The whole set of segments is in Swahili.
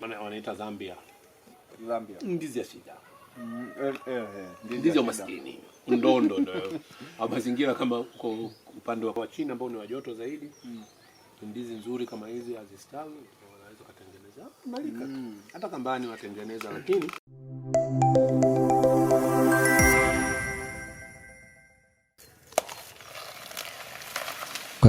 Maana wanaita Zambia. Zambia. Ndizi ya shida. Mm, eh, eh, eh, ndizi ya maskini. Ndondo ndio. mazingira kama uko upande wa China ambao ni wa joto zaidi. Mm. Ndizi nzuri kama hizi hazistawi, wanaweza kutengeneza malika. Mm. Hata kambani watengeneza lakini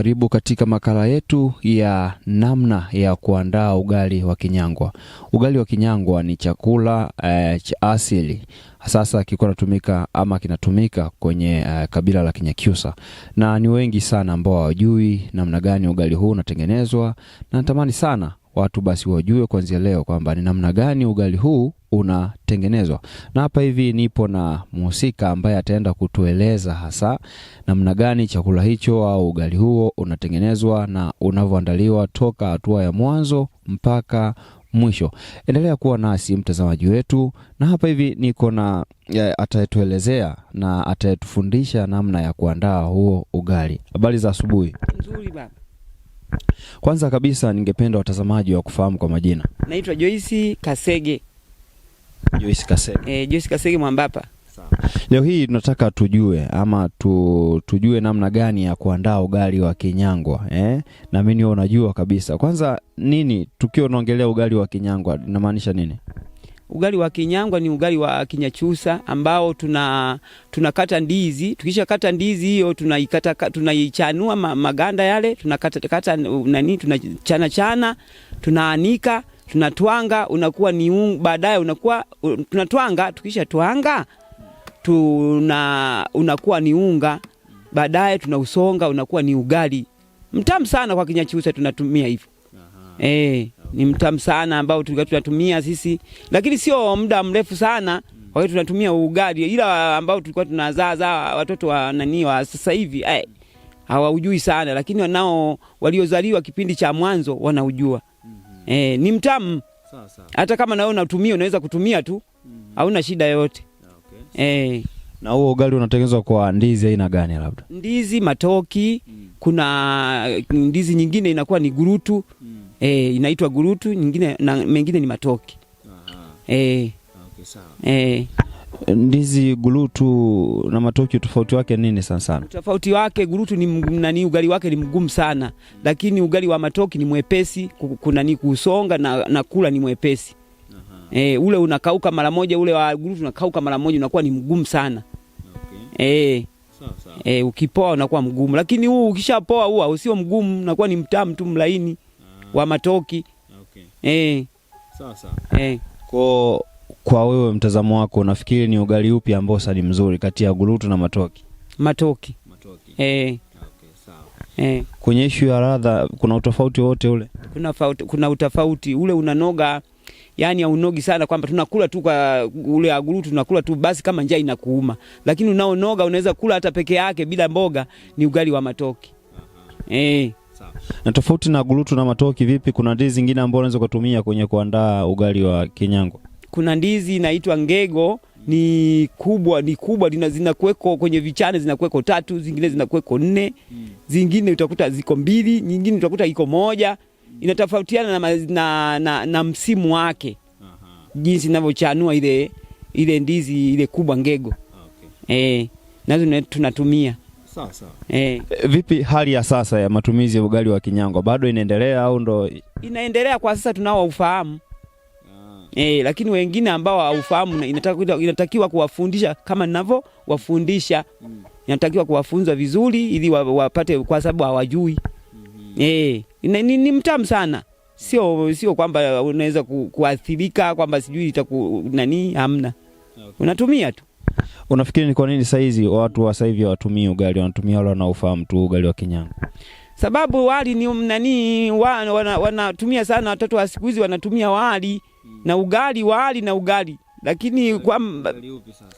Karibu katika makala yetu ya namna ya kuandaa ugali wa kinyangwa. Ugali wa kinyangwa ni chakula eh, cha asili sasa kilikuwa natumika ama kinatumika kwenye uh, kabila la Kinyakyusa na ni wengi sana ambao hawajui namna gani ugali huu unatengenezwa, na natamani sana watu basi wajue kuanzia leo kwamba ni namna gani ugali huu unatengenezwa. Na hapa hivi nipo na mhusika ambaye ataenda kutueleza hasa namna gani chakula hicho au ugali huo unatengenezwa na unavyoandaliwa toka hatua ya mwanzo mpaka mwisho. Endelea kuwa nasi mtazamaji wetu, na hapa hivi niko na atayetuelezea na atayetufundisha namna ya kuandaa huo ugali. Habari za asubuhi. Nzuri baba. Kwanza kabisa ningependa watazamaji wa kufahamu kwa majina. Naitwa Joyce Kasege. Joyce Kasege. Eh, Joyce Kasege Mwambapa. Sawa. Leo hii tunataka tujue ama tu, tujue namna gani ya kuandaa ugali wa kinyangwa eh? Na mimi unajua kabisa. Kwanza nini tukio unaongelea ugali wa kinyangwa inamaanisha nini? ugali wa Kinyangwa ni ugali wa Kinyachusa ambao tuna tunakata ndizi. Tukishakata ndizi hiyo tunaikata tunaichanua maganda yale, tunakata kata nani, tunachana chana, tunaanika, tunatwanga, unakuwa ni baadaye unakuwa tunatwanga. twanga tuna unakuwa ni unga, baadaye tunausonga, unakuwa ni ugali mtamu sana. Kwa Kinyachusa tunatumia hivyo eh ni mtamu sana ambao tulikuwa tunatumia sisi, lakini sio muda mrefu sana. wakati tunatumia ugali, ila ambao tulikuwa za watoto wa nani wa sasa hivi eh, hawaujui sana, lakini wanao waliozaliwa kipindi cha mwanzo wanaujua. mm -hmm. E, ni mtamu Hata kama nawe unatumia unaweza kutumia tu mm -hmm. shida yoyote. Ah, okay. E, na huo ugali unatengenezwa kwa ndizi aina gani? Labda ndizi matoki. mm. Kuna ndizi nyingine inakuwa ni gurutu. mm e, inaitwa gurutu nyingine na mengine ni matoke. E, okay, E, ndizi gurutu na matoke tofauti wake nini sana sana? Tofauti wake gurutu ni nani, ugali wake ni mgumu sana, lakini ugali wa matoke ni mwepesi kuna ni kusonga na, na kula ni mwepesi. E, ule unakauka mara moja, ule wa gurutu unakauka mara moja, unakuwa ni mgumu sana. Okay. E, sawa sawa. E, ukipoa unakuwa mgumu, lakini huu ukishapoa huwa usio mgumu, unakuwa ni mtamu tu mlaini wa matoki okay. E. Eh. Sawa sawa. E. Eh. Kwa, kwa wewe mtazamo wako unafikiri ni ugali upi ambao sasa ni mzuri kati ya gurutu na matoki? Matoki, matoki. E. Okay, E. Kwenye ishu ya radha kuna utofauti wote ule? Kuna, fauti, kuna utofauti ule unanoga yaani haunogi sana kwamba tunakula tu kwa ule agurutu tunakula tu basi kama njaa inakuuma, lakini unaonoga unaweza kula hata peke yake bila mboga, ni ugali wa matoki. Aha. E. Na tofauti na gurutu na matoki vipi, kuna ndizi zingine ambazo unaweza kutumia kwenye kuandaa ugali wa kinyango? Kuna ndizi inaitwa ngego ni kubwa ni kubwa, zinakuweko kwenye vichane, zinakuweko tatu, zingine zinakuweko nne, zingine utakuta ziko mbili, nyingine utakuta iko moja. Inatofautiana na, na, na, na msimu wake jinsi inavyochanua ile, ile ndizi ile kubwa ngego. Ah, okay. E, nazo tunatumia sawa sawa. Eh, vipi hali ya sasa ya matumizi ya ugali wa kinyango bado inaendelea au ndo inaendelea? Kwa sasa tunao ufahamu ah. Eh, lakini wengine ambao haufahamu inatakiwa kuwafundisha kama ninavyo wafundisha. Mm. Inatakiwa kuwafunza vizuri ili wapate, kwa sababu hawajui. Mm-hmm. Eh, ni, ni mtamu sana, mm. sio sio kwamba unaweza ku, kuathirika kwamba sijui itaku nani, hamna. Okay. Unatumia tu. Unafikiri ni kwa nini sasa hizi watu wa sasa hivi hawatumii ugali, wanatumia wale wanaofahamu tu ugali wa kinyanga Sababu wali ni nani, wanatumia wana, wana sana watoto wa siku hizi wanatumia wali hmm. na ugali wali na ugali, lakini kwa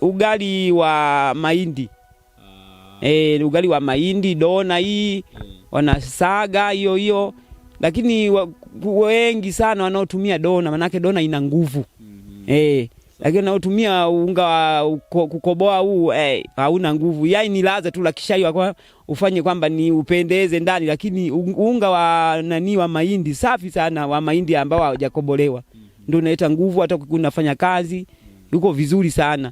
ugali wa mahindi ah. E, ugali wa mahindi dona hii hmm. wanasaga hiyo hiyo, lakini wa, wengi sana wanaotumia dona, manake dona ina nguvu hmm. E, lakini nautumia unga wa kukoboa huu eh, hauna nguvu. Yai ni laza tu la kwa ufanye kwamba ni upendeze ndani, lakini unga wa nani wa mahindi safi sana wa mahindi ambao hawajakobolewa mm-hmm. ndio unaleta nguvu, hata kunafanya kazi yuko vizuri sana.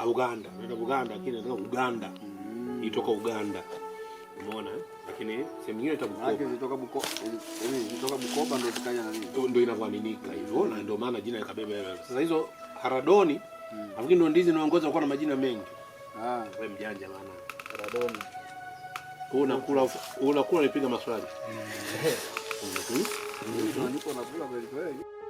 Ah, Uganda. Naenda Uganda lakini nataka Uganda. Mm. Itoka Uganda. Umeona? Eh? Lakini sehemu nyingine itabukoba. Lakini zitoka Bukoba. Yaani zitoka Bukoba ndio zikaja na nini? Ndio inaaminika hivyo na ndio maana jina likabeba hivyo. Sasa hizo haradoni mm. Afikiri ndio ndizi inaongoza kwa na majina mengi. Ah, wewe mjanja bana. Haradoni. Wewe unakula unakula nipiga maswali. Mm. Mm. Mm. Mm. Mm. Mm. Mm. Mm. Mm.